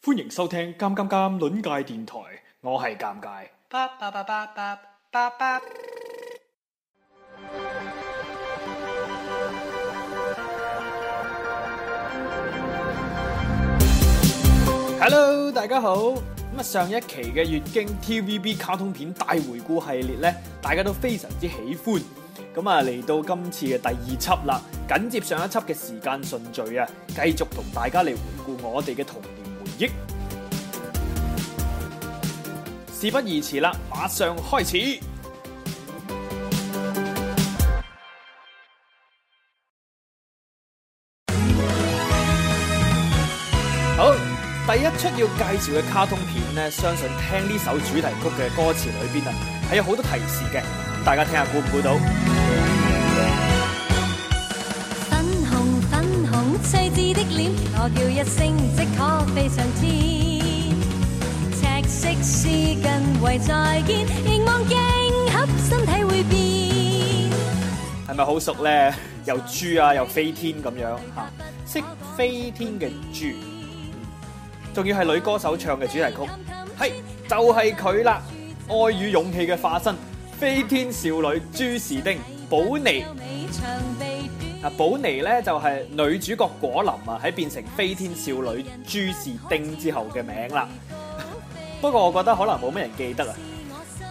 歡迎收聽《尷尷尷》輪界電台，我係尷尬。Hello，大家好。咁啊，上一期嘅月經 TVB 卡通片大回顧系列咧，大家都非常之喜歡。咁啊，嚟到今次嘅第二輯啦，緊接上一輯嘅時間順序啊，繼續同大家嚟回顧我哋嘅童年。事不宜遲啦，馬上開始。好，第一出要介紹嘅卡通片呢，相信聽呢首主題曲嘅歌詞裏面啊，係有好多提示嘅。大家聽下猜猜，估唔估到？粉紅粉紅，細緻的臉，我叫一聲即可。係咪好熟咧？又豬啊，又飛天咁樣吓、啊，識飛天嘅豬，仲要係女歌手唱嘅主題曲，係就係佢啦，愛與勇氣嘅化身，飛天少女朱士丁寶妮啊，寶妮咧就係、是、女主角果林啊，喺變成飛天少女朱士丁之後嘅名啦。不過我覺得可能冇咩人記得啊，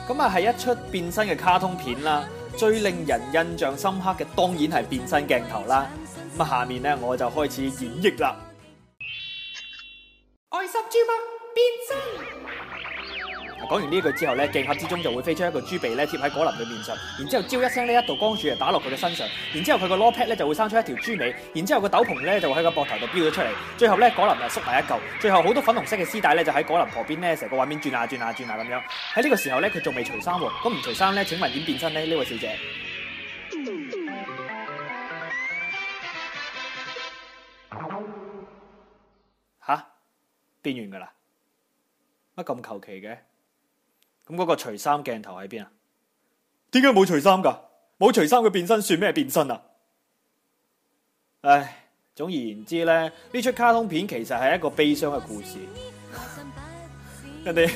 咁啊係一出變身嘅卡通片啦，最令人印象深刻嘅當然係變身鏡頭啦。咁啊，下面咧我就開始演繹啦。愛心豬貓，變身。嗱講完呢句之後咧，鏡盒之中就會飛出一個豬鼻咧，貼喺果林嘅面上，然之後招一聲呢，一道光柱啊打落佢嘅身上，然之後佢個 lope 咧就會生出一條豬尾，然之後個斗篷咧就會喺個膊頭度飆咗出嚟，最後咧果林就縮埋一嚿，最後好多粉紅色嘅絲帶咧就喺果林旁邊咧成個畫面轉下、啊、轉下、啊、轉下、啊、咁樣。喺呢個時候咧佢仲未除衫喎，咁唔除衫咧，請問點變身呢？呢位小姐？吓，變完噶啦，乜咁求其嘅？咁嗰個除衫鏡頭喺邊啊？點解冇除衫噶？冇除衫嘅變身算咩變身啊？唉，總而言之咧，呢齣卡通片其實係一個悲傷嘅故事。人哋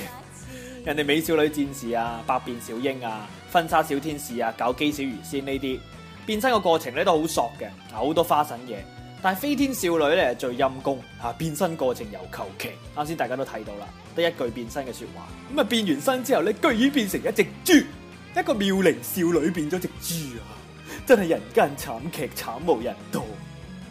人哋美少女戰士啊，百變小櫻啊，婚紗小天使啊，搞基小魚仙呢啲變身嘅過程咧都好索嘅，好多花臣嘢。但係飛天少女咧最陰功吓，變身過程又求其。啱先大家都睇到啦，得一句變身嘅說話，咁啊變完身之後咧，居然變成一隻豬，一個妙齡少女變咗隻豬啊！真係人間慘劇，慘無人道。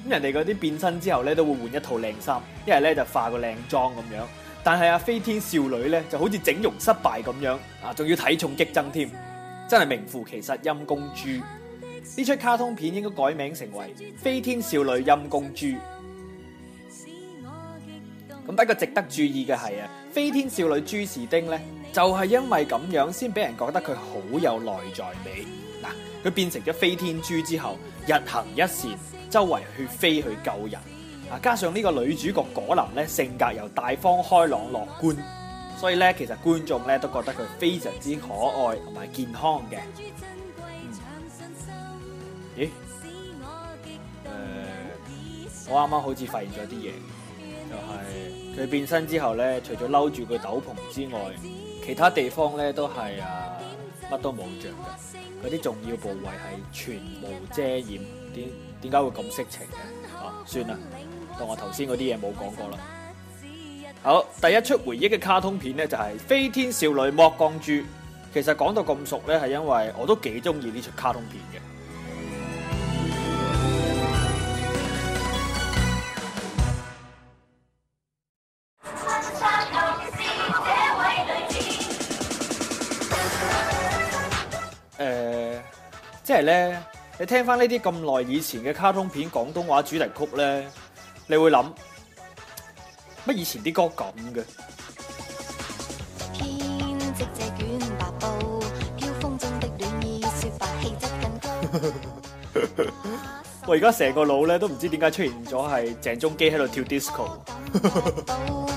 咁人哋嗰啲變身之後咧都會換一套靚衫，一係咧就化個靚妝咁樣。但係啊，飛天少女咧就好似整容失敗咁樣啊，仲要體重激增添，真係名副其實陰公豬。呢出卡通片應該改名成為《飛天少女陰公豬》。咁不過值得注意嘅係啊，《飛天少女豬屎丁》咧，就係、是、因為咁樣先俾人覺得佢好有內在美。嗱，佢變成咗飛天豬之後，日行一善，周圍去飛去救人。啊，加上呢個女主角果林咧，性格又大方開朗樂觀，所以咧，其實觀眾咧都覺得佢非常之可愛同埋健康嘅。誒，我啱啱好似發現咗啲嘢，就係佢變身之後咧，除咗褸住個斗篷之外，其他地方咧都係啊乜都冇着嘅，嗰啲重要部位係全無遮掩。點點解會咁色情嘅？啊，算啦，當我頭先嗰啲嘢冇講過啦。好，第一出回憶嘅卡通片咧就係《飛天少女剝光豬》。其實講到咁熟咧，係因為我都幾中意呢出卡通片嘅。聽翻呢啲咁耐以前嘅卡通片廣東話主題曲咧，你會諗乜以前啲歌咁嘅？我而家成個腦咧都唔知點解出現咗係鄭中基喺度跳 disco。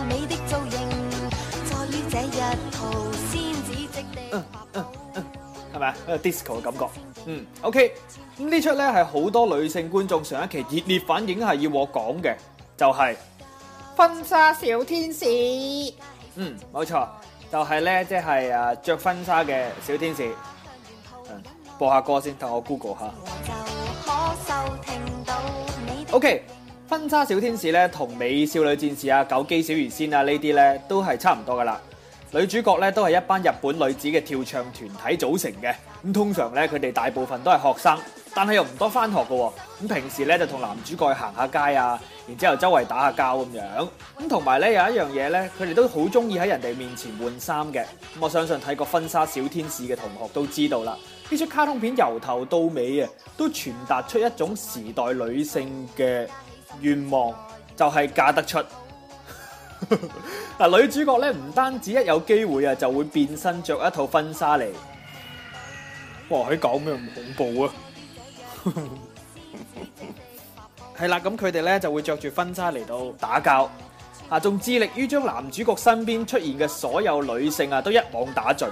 你的造型，在嗯嗯地，係咪啊？disco 嘅感覺，嗯，ok。咁呢出咧係好多女性觀眾上一期熱烈反應係要我講嘅，就係、是、婚紗小天使。嗯，冇錯，就係、是、咧，即係誒着婚紗嘅小天使、嗯。播下歌先，等我 google 吓。O、OK, K，婚紗小天使咧同美少女戰士基啊、九姬小魚仙啊呢啲咧都係差唔多噶啦。女主角咧都係一班日本女子嘅跳唱團體組成嘅。咁通常咧佢哋大部分都係學生。但係又唔多翻學喎。咁平時咧就同男主角去行下街啊，然之後周圍打下交咁樣，咁同埋咧有一樣嘢咧，佢哋都好中意喺人哋面前換衫嘅。咁我相信睇過《婚紗小天使》嘅同學都知道啦，呢出卡通片由頭到尾啊，都傳達出一種時代女性嘅願望，就係嫁得出。嗱， 女主角咧唔單止一有機會啊，就會變身着一套婚紗嚟。哇，喺講咩咁恐怖啊！係啦，咁佢哋咧就會着住婚紗嚟到打交，啊，仲致力於將男主角身邊出現嘅所有女性啊，都一網打盡。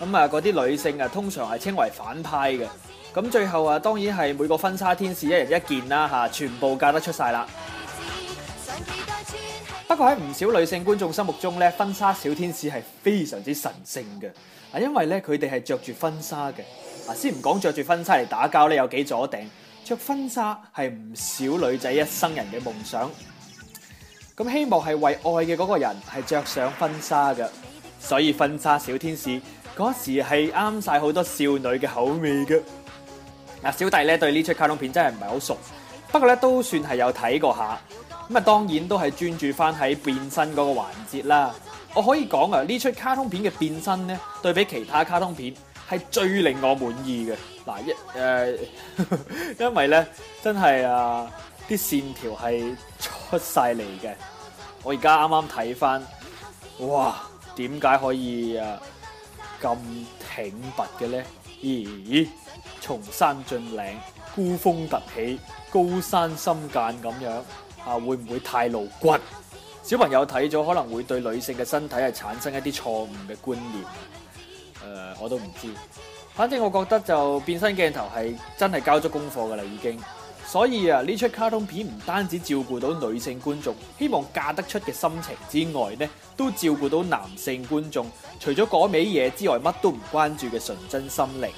咁啊，嗰啲女性啊，通常係稱為反派嘅。咁最後啊，當然係每個婚紗天使一人一件啦，吓，全部嫁得出晒啦。不過喺唔少女性觀眾心目中咧，婚紗小天使係非常之神聖嘅，係因為咧，佢哋係着住婚紗嘅。先唔講着住婚紗嚟打交咧，有幾阻定？着婚紗係唔少女仔一生人嘅夢想。咁希望係為愛嘅嗰個人係着上婚紗噶，所以婚紗小天使嗰時係啱晒好多少女嘅口味噶。小弟咧對呢出卡通片真係唔係好熟，不過咧都算係有睇過下。咁啊，當然都係專注翻，喺變身嗰個環節啦。我可以講啊，呢出卡通片嘅變身咧，對比其他卡通片，係最令我滿意嘅嗱一誒，因為咧真係啊啲線條係出晒嚟嘅。我而家啱啱睇返，哇點解可以啊咁挺拔嘅咧？咦，崇山峻嶺、孤峰突起、高山深澗咁樣啊，會唔會太露骨？小朋友睇咗可能會對女性嘅身體係產生一啲錯誤嘅觀念。誒、呃，我都唔知，反正我覺得就變身鏡頭係真係交咗功課噶啦，已經。所以啊，呢出卡通片唔單止照顧到女性觀眾希望嫁得出嘅心情之外，呢都照顧到男性觀眾除咗嗰味嘢之外，乜都唔關注嘅純真心靈。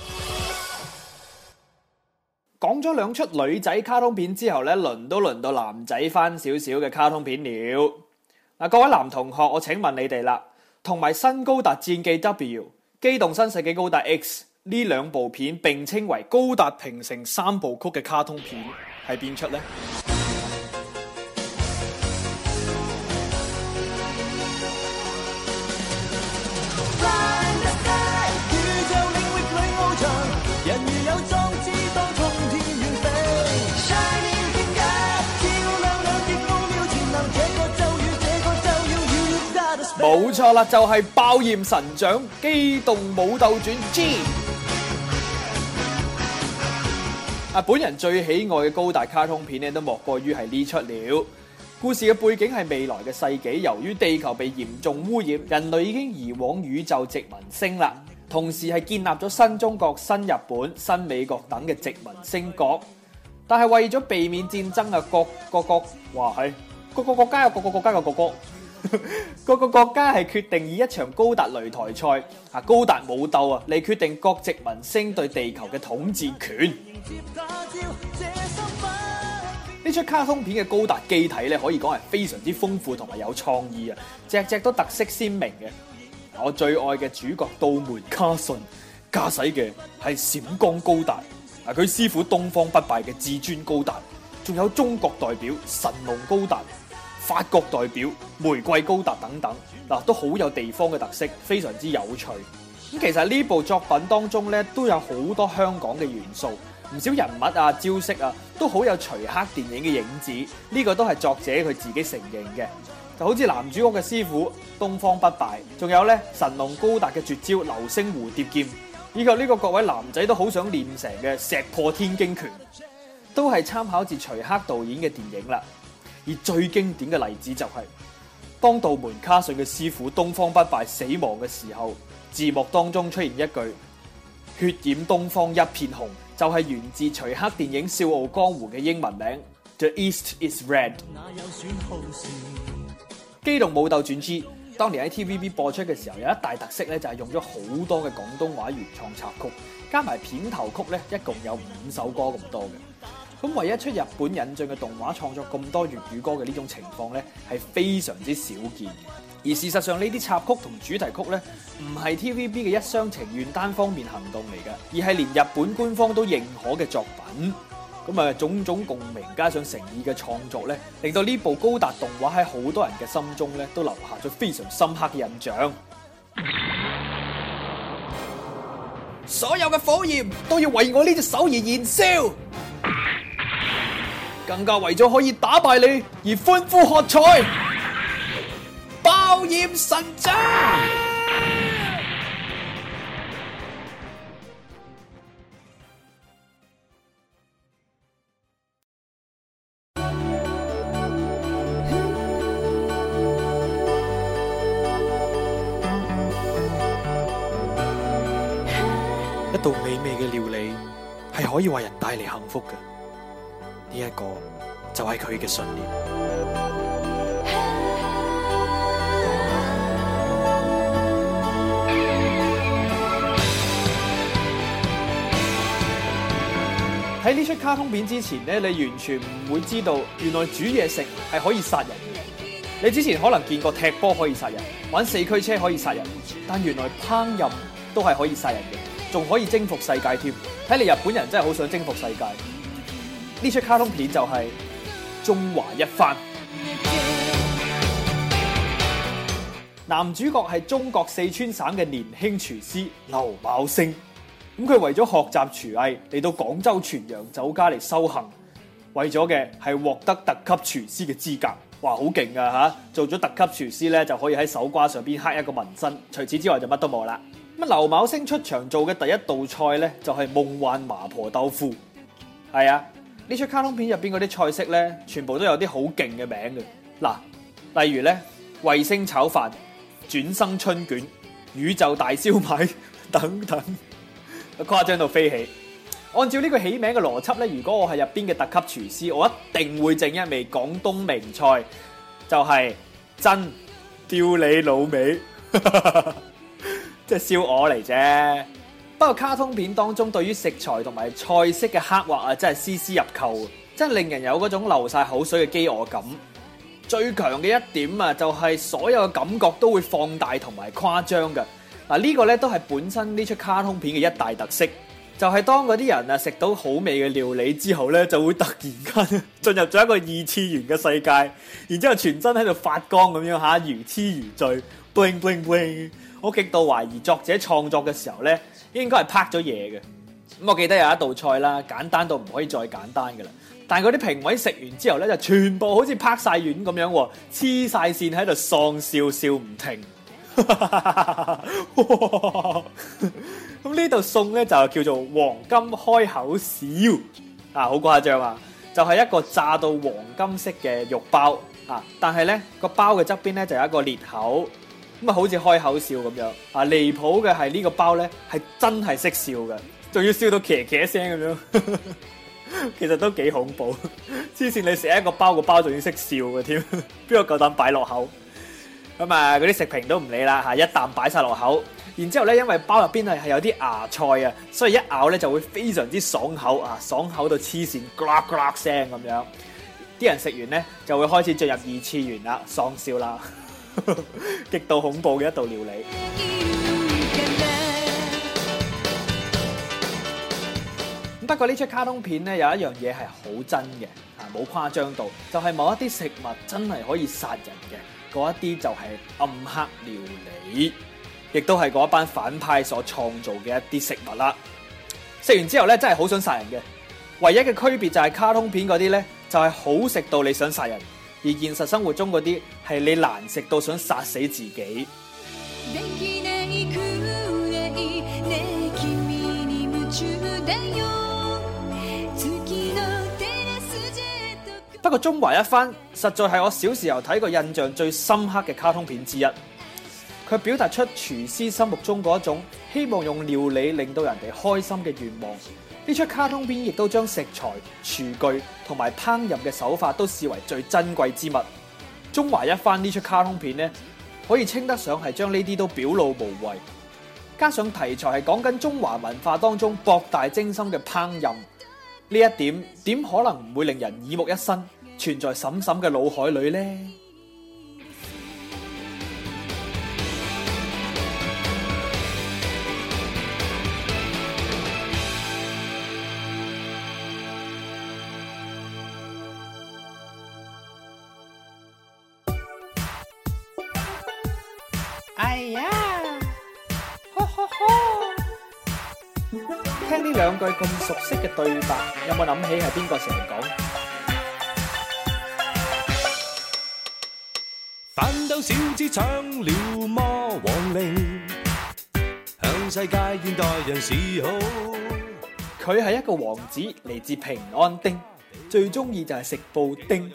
講咗兩出女仔卡通片之後，呢輪都輪到男仔翻少少嘅卡通片了。嗱，各位男同學，我請問你哋啦，同埋《新高達戰記 W》。機動新世紀高達 X，呢兩部片並稱為高達平成三部曲嘅卡通片係邊出呢？錯啦，就係、是、爆炎神掌機動武鬥傳 G。啊、哦，本人最喜愛嘅高大卡通片咧，都莫過於係呢出了。故事嘅背景係未來嘅世紀，由於地球被嚴重污染，人類已經移往宇宙殖民星啦。同時係建立咗新中國、新日本、新美國等嘅殖民星國。但係為咗避免戰爭啊，各各國，哇係，各個國家有各個國家嘅國歌。 各個國家係決定以一場高達擂台賽啊，高達武鬥啊，嚟決定各殖民星對地球嘅統治權。呢齣卡通片嘅高達機體咧，可以講係非常之豐富同埋有創意啊，只只都特色鮮明嘅。我最愛嘅主角道門卡遜駕駛嘅係閃光高達，嗱佢師傅東方不敗嘅至尊高達，仲有中國代表神龍高達。法國代表玫瑰高達等等嗱，都好有地方嘅特色，非常之有趣。咁其實呢部作品當中咧，都有好多香港嘅元素，唔少人物啊招式啊，都好有徐克電影嘅影子。呢、這個都係作者佢自己承認嘅。就好似男主角嘅師傅東方不敗，仲有咧神龍高達嘅絕招流星蝴蝶劍，以及呢個各位男仔都好想練成嘅石破天驚拳，都係參考自徐克導演嘅電影啦。而最經典嘅例子就係、是，當道門卡上嘅師傅東方不敗死亡嘅時候，字幕當中出現一句「血染東方一片紅」，就係、是、源自徐克電影《笑傲江湖》嘅英文名《The East Is Red》。《機動武鬥傳 G》當年喺 TVB 播出嘅時候，有一大特色咧，就係用咗好多嘅廣東話原創插曲，加埋片頭曲咧，一共有五首歌咁多嘅。咁唯一出日本引進嘅動畫創作咁多粵語歌嘅呢種情況呢，係非常之少見嘅。而事實上，呢啲插曲同主題曲呢，唔係 TVB 嘅一廂情願單方面行動嚟嘅，而係連日本官方都認可嘅作品。咁啊，種種共鳴加上誠意嘅創作呢，令到呢部高達動畫喺好多人嘅心中呢，都留下咗非常深刻嘅印象。所有嘅火焰都要為我呢隻手而燃燒。更加為咗可以打敗你而歡呼喝彩，爆炎神將！一道美味嘅料理係可以為人帶嚟幸福嘅。呢一個就係佢嘅信念。喺呢出卡通片之前咧，你完全唔會知道原來煮嘢食係可以殺人。你之前可能見過踢波可以殺人，玩四驅車可以殺人，但原來烹飪都係可以殺人嘅，仲可以征服世界添。睇嚟日本人真係好想征服世界。呢出卡通片就係、是、中華一番，男主角係中國四川省嘅年輕廚師劉茂星。咁佢為咗學習廚藝嚟到廣州全羊酒家嚟修行，為咗嘅係獲得特級廚師嘅資格。哇，好勁啊吓！做咗特級廚師咧，就可以喺手瓜上邊刻一個紋身。除此之外就乜都冇啦。咁劉茂星出場做嘅第一道菜咧，就係夢幻麻婆豆腐。係啊。呢出卡通片入面嗰啲菜式咧，全部都有啲好勁嘅名嘅，嗱，例如咧，衛星炒飯、轉生春卷、宇宙大燒賣等等，誇張到飛起。按照呢個起名嘅邏輯咧，如果我係入邊嘅特級廚師，我一定會整一味廣東名菜，就係真吊你老味，即係燒鵝嚟啫。不過卡通片當中對於食材同埋菜式嘅刻畫啊，真係絲絲入扣，真係令人有嗰種流晒口水嘅饑餓感。最強嘅一點啊，就係所有嘅感覺都會放大同埋誇張嘅。嗱呢個咧都係本身呢出卡通片嘅一大特色，就係當嗰啲人啊食到好味嘅料理之後咧，就會突然間進入咗一個二次元嘅世界，然之後全身喺度發光咁樣吓，如痴如醉，bling bling bling！我極度懷疑作者創作嘅時候咧。應該係拍咗嘢嘅，咁我記得有一道菜啦，簡單到唔可以再簡單嘅啦。但係啲評委食完之後咧，就全部好似拍晒丸咁樣，黐晒線喺度喪笑笑唔停。咁 呢道餸咧就叫做黃金開口笑啊，好誇張啊！就係、是、一個炸到黃金色嘅肉包啊，但係咧個包嘅側邊咧就有一個裂口。咁啊，好似開口笑咁樣啊！離譜嘅係呢個包咧，係真係識笑嘅，仲要笑到茄茄聲咁樣，其實都幾恐怖。黐線你食一個包，個包仲要識笑嘅添，邊個夠膽擺落口？咁啊，嗰啲食評都唔理啦嚇，一啖擺晒落口，口。然之後咧，因為包入邊係有啲芽菜啊，所以一咬咧就會非常之爽口啊，爽口到黐線呱呱聲咁樣。啲人食完咧就會開始進入二次元啦，喪笑啦。極 度恐怖嘅一道料理。不過呢出，卡通片有一樣嘢係好真嘅，啊冇誇張到，就係某一啲食物真係可以殺人嘅，嗰一啲就係暗黑料理，亦都係嗰一班反派所創造嘅一啲食物啦。食完之後呢，真係好想殺人嘅。唯一嘅區別就係卡通片嗰啲呢，就係好食到你想殺人。而現實生活中嗰啲係你難食到想殺死自己。不過《中華一番》實在係我小時候睇過印象最深刻嘅卡通片之一，佢表達出廚師心目中嗰種希望用料理令到人哋開心嘅願望。呢出卡通片亦都將食材、廚具同埋烹飪嘅手法都視為最珍貴之物。中華一番呢出卡通片咧，可以稱得上係將呢啲都表露無遺。加上題材係講緊中華文化當中博大精深嘅烹飪，呢一點點可能唔會令人耳目一新，存在嬸嬸嘅腦海裏呢。句咁熟悉嘅對白，有冇諗起係邊個成日講？反斗小子唱了魔王令，向世界現代人示好。佢係一個王子，嚟自平安丁，最中意就係食布丁，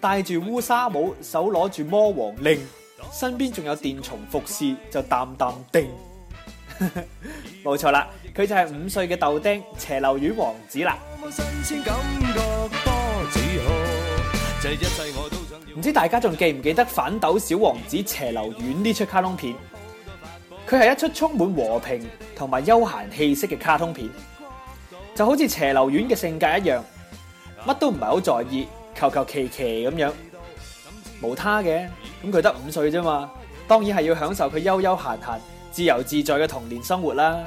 戴住烏紗帽，手攞住魔王令，身邊仲有電蟲服侍，就淡淡定。冇錯啦。佢就係五歲嘅豆丁斜流丸王子啦。唔知大家仲記唔記得反斗小王子斜流丸呢出卡通片？佢係、嗯、一出充滿和平同埋悠閒氣息嘅卡通片，就好似斜流丸嘅性格一樣，乜都唔係好在意，求求其其咁樣，無他嘅。咁佢得五歲啫嘛，當然係要享受佢悠悠閒閒、自由自在嘅童年生活啦。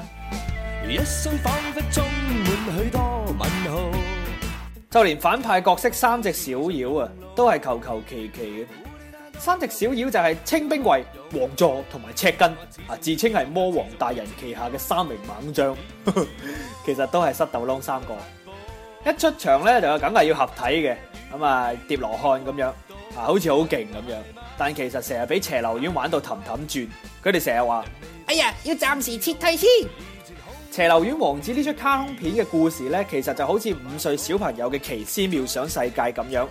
就連反派角色三隻小妖啊，都係求求其其嘅。三隻小妖就係清兵衛、王座同埋赤根啊，自稱係魔王大人旗下嘅三名猛將，其實都係塞豆窿三個。一出場咧就梗係要合體嘅，咁啊疊羅漢咁樣啊，好似好勁咁樣，但其實成日俾斜流院玩到氹氹轉。佢哋成日話：哎呀，要暫時撤退先。《斜流丸王子》呢出卡通片嘅故事咧，其實就好似五歲小朋友嘅奇思妙想世界咁樣，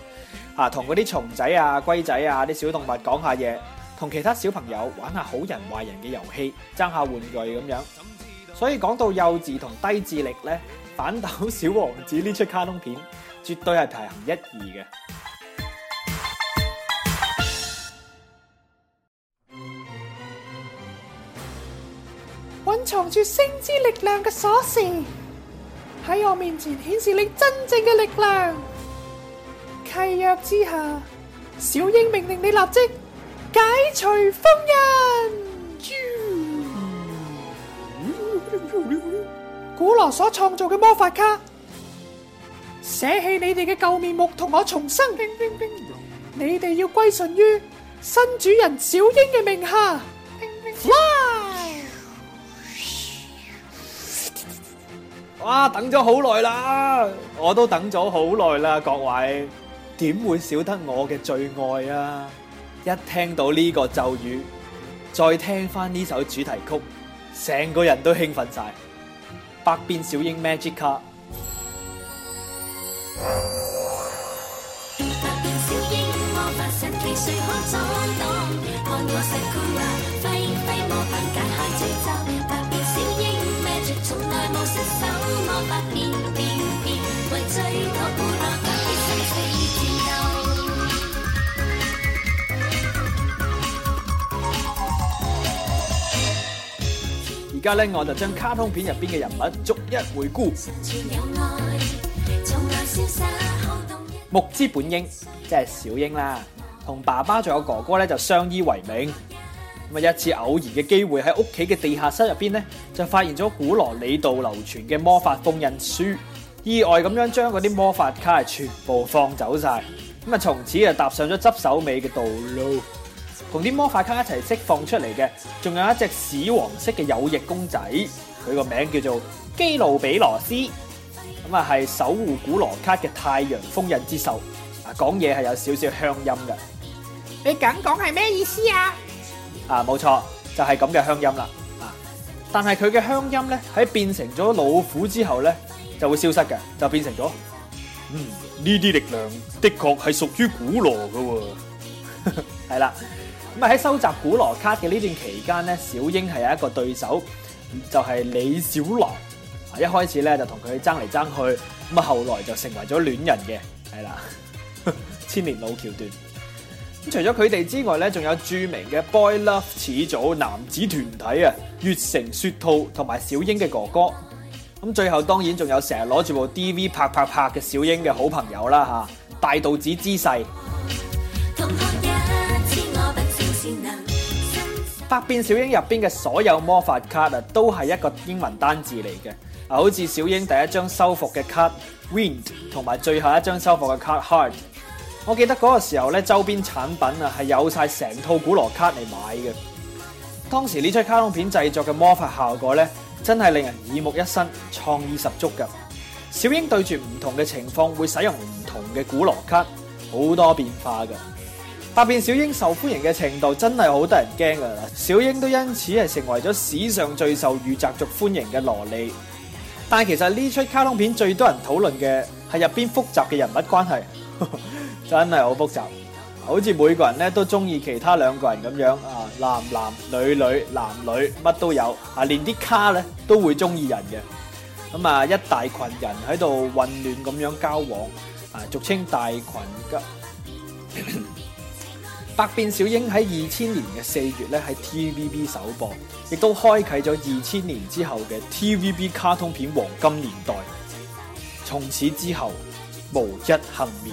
吓同嗰啲蟲仔啊、龜仔啊啲小動物講下嘢，同其他小朋友玩下好人壞人嘅遊戲，爭下玩具咁樣。所以講到幼稚同低智力咧，《反斗小王子》呢出卡通片絕對係排行一二嘅。藏住星之力量嘅鎖匙，喺我面前顯示你真正嘅力量。契約之下，小英命令你立即解除封印。古羅所創造嘅魔法卡，捨棄你哋嘅舊面目，同我重生。你哋要歸順於新主人小英嘅名下。哇！等咗好耐啦，我都等咗好耐啦，各位，點會少得我嘅最愛啊！一聽到呢個咒語，再聽翻呢首主題曲，成個人都興奮晒。百變小櫻 Magic 卡。而家咧，我就將卡通片入邊嘅人物逐一回顧。木之本櫻，即係小櫻啦，同爸爸仲有哥哥咧，就相依為命。咁啊！一次偶然嘅機會，喺屋企嘅地下室入邊咧，就發現咗古羅里道流傳嘅魔法封印書，意外咁樣將嗰啲魔法卡係全部放走晒。咁啊，從此就踏上咗執手尾嘅道路。同啲魔法卡一齊釋放出嚟嘅，仲有一隻屎黃色嘅有翼公仔，佢個名叫做基魯比羅斯。咁啊，係守護古羅卡嘅太陽封印之獸。啊，講嘢係有少少鄉音噶。你咁講係咩意思啊？啊，冇錯，就係咁嘅鄉音啦。啊，但係佢嘅鄉音咧，喺變成咗老虎之後咧，就會消失嘅，就變成咗。嗯，呢啲力量的確係屬於古羅噶、哦。係 啦，咁啊喺收集古羅卡嘅呢段期間咧，小英係有一個對手，就係、是、李小狼。啊，一開始咧就同佢爭嚟爭去，咁啊後來就成為咗戀人嘅。係啦， 千年老橋段。除咗佢哋之外咧，仲有著名嘅 Boy Love 始祖男子團體啊，月城雪兔同埋小英嘅哥哥。咁最後當然仲有成日攞住部 DV 拍拍拍嘅小英嘅好朋友啦吓，大道子姿勢。百變小櫻入邊嘅所有魔法卡啊，都係一個英文單字嚟嘅啊，好似小英第一張收服嘅卡 Wind，同埋最後一張收服嘅卡 Hard 我記得嗰個時候咧，周邊產品啊係有晒成套古羅卡嚟買嘅。當時呢出卡通片製作嘅魔法效果咧，真係令人耳目一新，創意十足嘅。小櫻對住唔同嘅情況會使用唔同嘅古羅卡，好多變化嘅。百變小櫻受歡迎嘅程度真係好得人驚嘅啦。小櫻都因此係成為咗史上最受御宅族歡迎嘅蘿莉。但其實呢出卡通片最多人討論嘅係入邊複雜嘅人物關係。真係好複雜，好似每個人咧都中意其他兩個人咁樣啊，男男女女、男女乜都有啊，連啲卡咧都會中意人嘅，咁啊一大群人喺度混亂咁樣交往啊，俗稱大群吉。 百變小櫻喺二千年嘅四月咧喺 TVB 首播，亦都開啟咗二千年之後嘅 TVB 卡通片黃金年代。從此之後，無一幸免。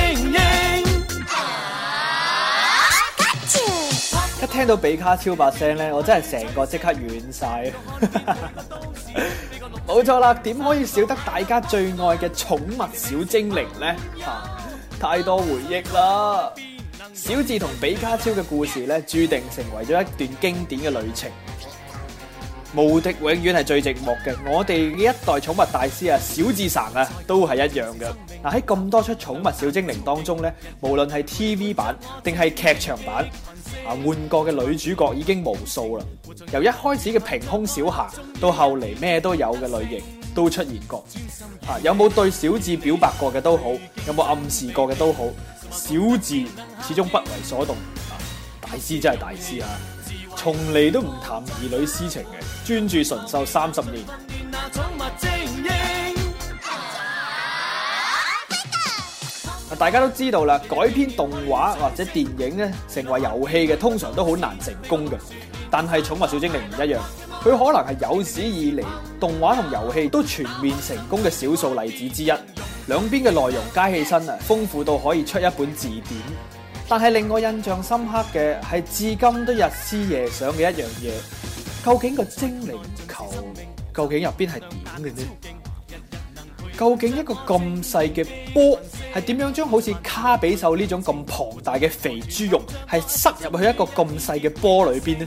聽到比卡超把聲咧，我真係成個即刻軟晒。冇 錯啦！點可以少得大家最愛嘅寵物小精靈呢？太多回憶啦！小智同比卡超嘅故事咧，注定成為咗一段經典嘅旅程。無敵永遠係最寂寞嘅，我哋呢一代寵物大師啊，小智神啊，都係一樣嘅。嗱，喺咁多出寵物小精靈當中咧，無論係 TV 版定係劇場版，啊換過嘅女主角已經無數啦。由一開始嘅平胸小霞，到後嚟咩都有嘅類型都出現過。啊，有冇對小智表白過嘅都好，有冇暗示過嘅都好，小智始終不為所動。啊、大師真係大師啊！從嚟都唔談兒女私情嘅，專注純秀三十年。大家都知道啦，改編動畫或者電影咧，成為遊戲嘅通常都好難成功嘅。但係《寵物小精靈》唔一樣，佢可能係有史以嚟動畫同遊戲都全面成功嘅少數例子之一。兩邊嘅內容加起身啊，豐富到可以出一本字典。但係令我印象深刻嘅係至今都日思夜想嘅一樣嘢，究竟個精靈球究竟入邊係點嘅呢？究竟一個咁細嘅波係點樣將好似卡比獸呢種咁龐大嘅肥豬肉係塞入去一個咁細嘅波裏邊呢？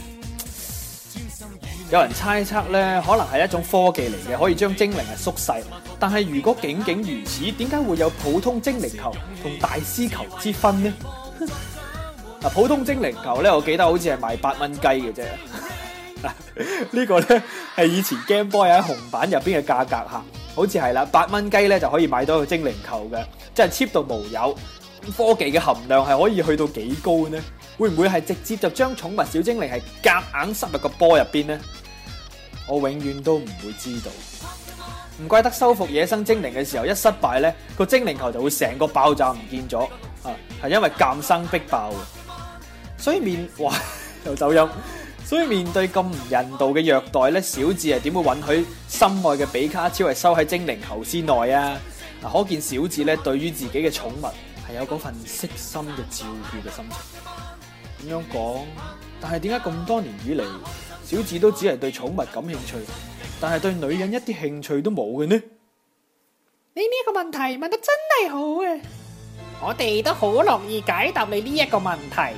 有人猜測咧，可能係一種科技嚟嘅，可以將精靈係縮細。但係如果僅僅如此，點解會有普通精靈球同大師球之分呢？嗱，普通精靈球咧，我記得好似係賣八蚊雞嘅啫。嗱，呢個咧係以前 Game Boy 喺紅版入邊嘅價格吓，好似係啦，八蚊雞咧就可以買到一個精靈球嘅，即係 cheap 到冇有。科技嘅含量係可以去到幾高呢？會唔會係直接就將寵物小精靈係夾硬塞入個波入邊呢？我永遠都唔會知道。唔怪得修復野生精靈嘅時候一失敗咧，個精靈球就會成個爆炸唔見咗。啊，係因為監生逼爆，所以面哇又走音，所以面對咁唔人道嘅虐待咧，小智係點會允許心愛嘅比卡超係收喺精靈球之內啊？嗱，可見小智咧對於自己嘅寵物係有嗰份悉心嘅照顧嘅心情。咁樣講，但係點解咁多年以嚟，小智都只係對寵物感興趣，但係對女人一啲興趣都冇嘅呢？你呢個問題問得真係好啊！我哋都好樂意解答你呢一個問題。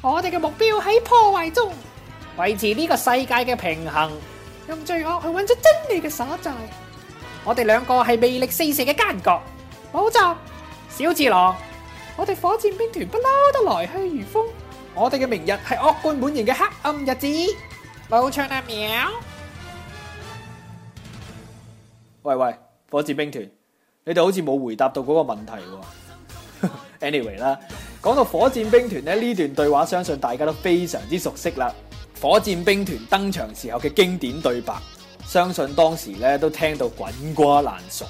我哋嘅目標喺破壞中維持呢個世界嘅平衡，用罪惡去揾出真理嘅所在。我哋兩個係魅力四射嘅奸角，冇錯。小次郎。我哋火箭兵團不嬲都來去如風。我哋嘅明日係惡貫滿盈嘅黑暗日子，冇錯啦，喵。喂喂，火箭兵團，你哋好似冇回答到嗰個問題。 Anyway 啦，講到火箭兵團咧呢段對話，相信大家都非常之熟悉啦。火箭兵團登場時候嘅經典對白，相信當時咧都聽到滾瓜爛熟。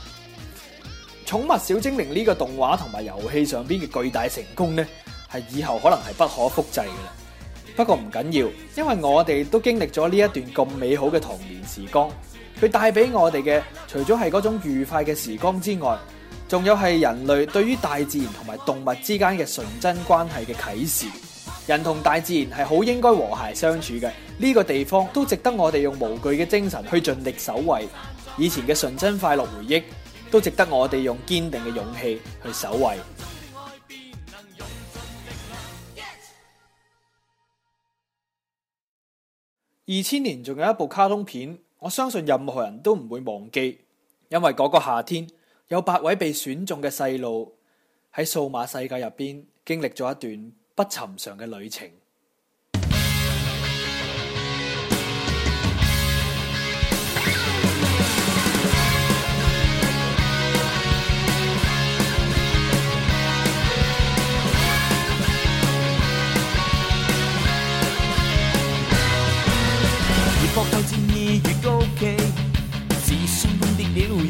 《寵物小精靈》呢個動畫同埋遊戲上邊嘅巨大成功咧，係以後可能係不可複製嘅啦。不過唔緊要，因為我哋都經歷咗呢一段咁美好嘅童年時光。佢帶俾我哋嘅，除咗係嗰種愉快嘅時光之外，仲有係人類對於大自然同埋動物之間嘅純真關係嘅啟示。人同大自然係好應該和諧相處嘅，呢個地方都值得我哋用無懼嘅精神去盡力守衛。以前嘅純真快樂回憶，都值得我哋用堅定嘅勇氣去守衛。二千年仲有一部卡通片。我相信任何人都唔會忘記，因為嗰個夏天，有八位被選中嘅細路喺數碼世界入邊經歷咗一段不尋常嘅旅程。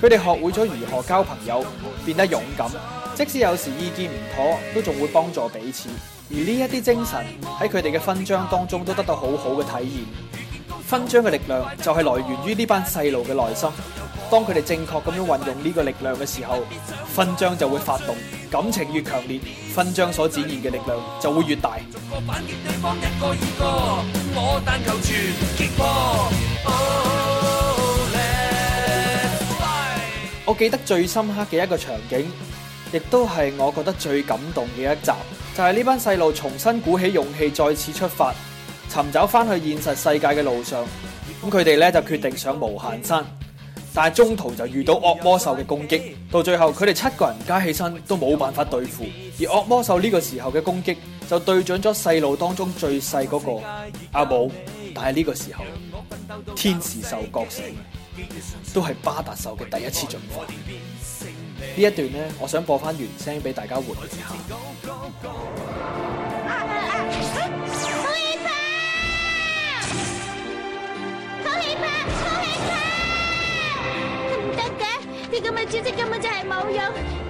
佢哋學會咗如何交朋友，變得勇敢，即使有時意見唔妥，都仲會幫助彼此。而呢一啲精神喺佢哋嘅勳章當中都得到好好嘅體驗。勳章嘅力量就係來源於呢班細路嘅內心。當佢哋正確咁樣運用呢個力量嘅時候，勳章就會發動。感情越強烈，勳章所展現嘅力量就會越大。我記得最深刻嘅一個場景，亦都係我覺得最感動嘅一集，就係呢班細路重新鼓起勇氣再次出發，尋找翻去現實世界嘅路上，咁佢哋咧就決定上無限山，但係中途就遇到惡魔獸嘅攻擊，到最後佢哋七個人加起身都冇辦法對付，而惡魔獸呢個時候嘅攻擊就對準咗細路當中最細嗰個阿武，但係呢個時候天使獸覺醒。都係巴達獸嘅第一次進化。呢一段呢，我想播翻原聲俾大家回味下。高希霸！高希霸！高希霸！唔得嘅，啲咁嘅招式根本就係冇用。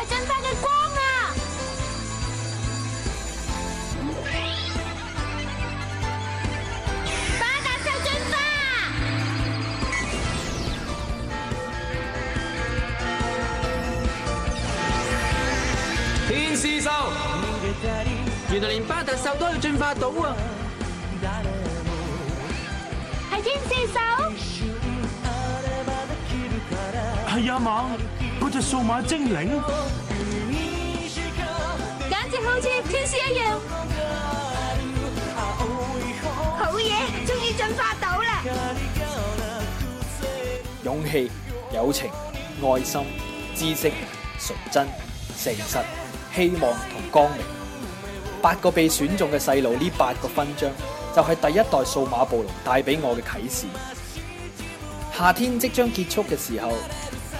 原來連巴特獸都要進化到啊！係天使獸？係阿猛！嗰隻數碼精靈，簡直好似天使一樣。好嘢，終於進化到啦！勇氣、友情、愛心、知識、純真、誠實、希望同光明。八個被選中嘅細路，呢八個勳章就係第一代數碼暴龍帶俾我嘅啟示。夏天即將結束嘅時候，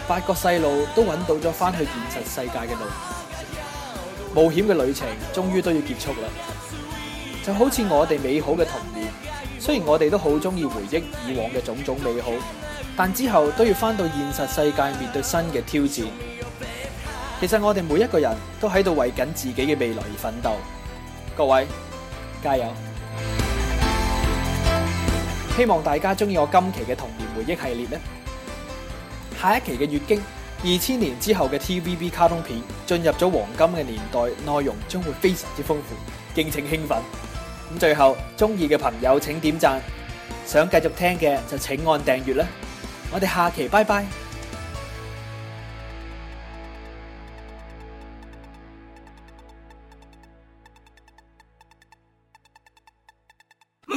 八個細路都揾到咗翻去現實世界嘅路，冒險嘅旅程終於都要結束啦。就好似我哋美好嘅童年，雖然我哋都好中意回憶以往嘅種種美好，但之後都要翻到現實世界面對新嘅挑戰。其實我哋每一個人都喺度為緊自己嘅未來而奮鬥。各位加油！希望大家中意我今期嘅童年回憶系列咧。下一期嘅月經二千年之後嘅 TVB 卡通片進入咗黃金嘅年代，內容將會非常之豐富，敬請興奮。咁最後中意嘅朋友請點讚，想繼續聽嘅就請按訂閱啦。我哋下期拜拜。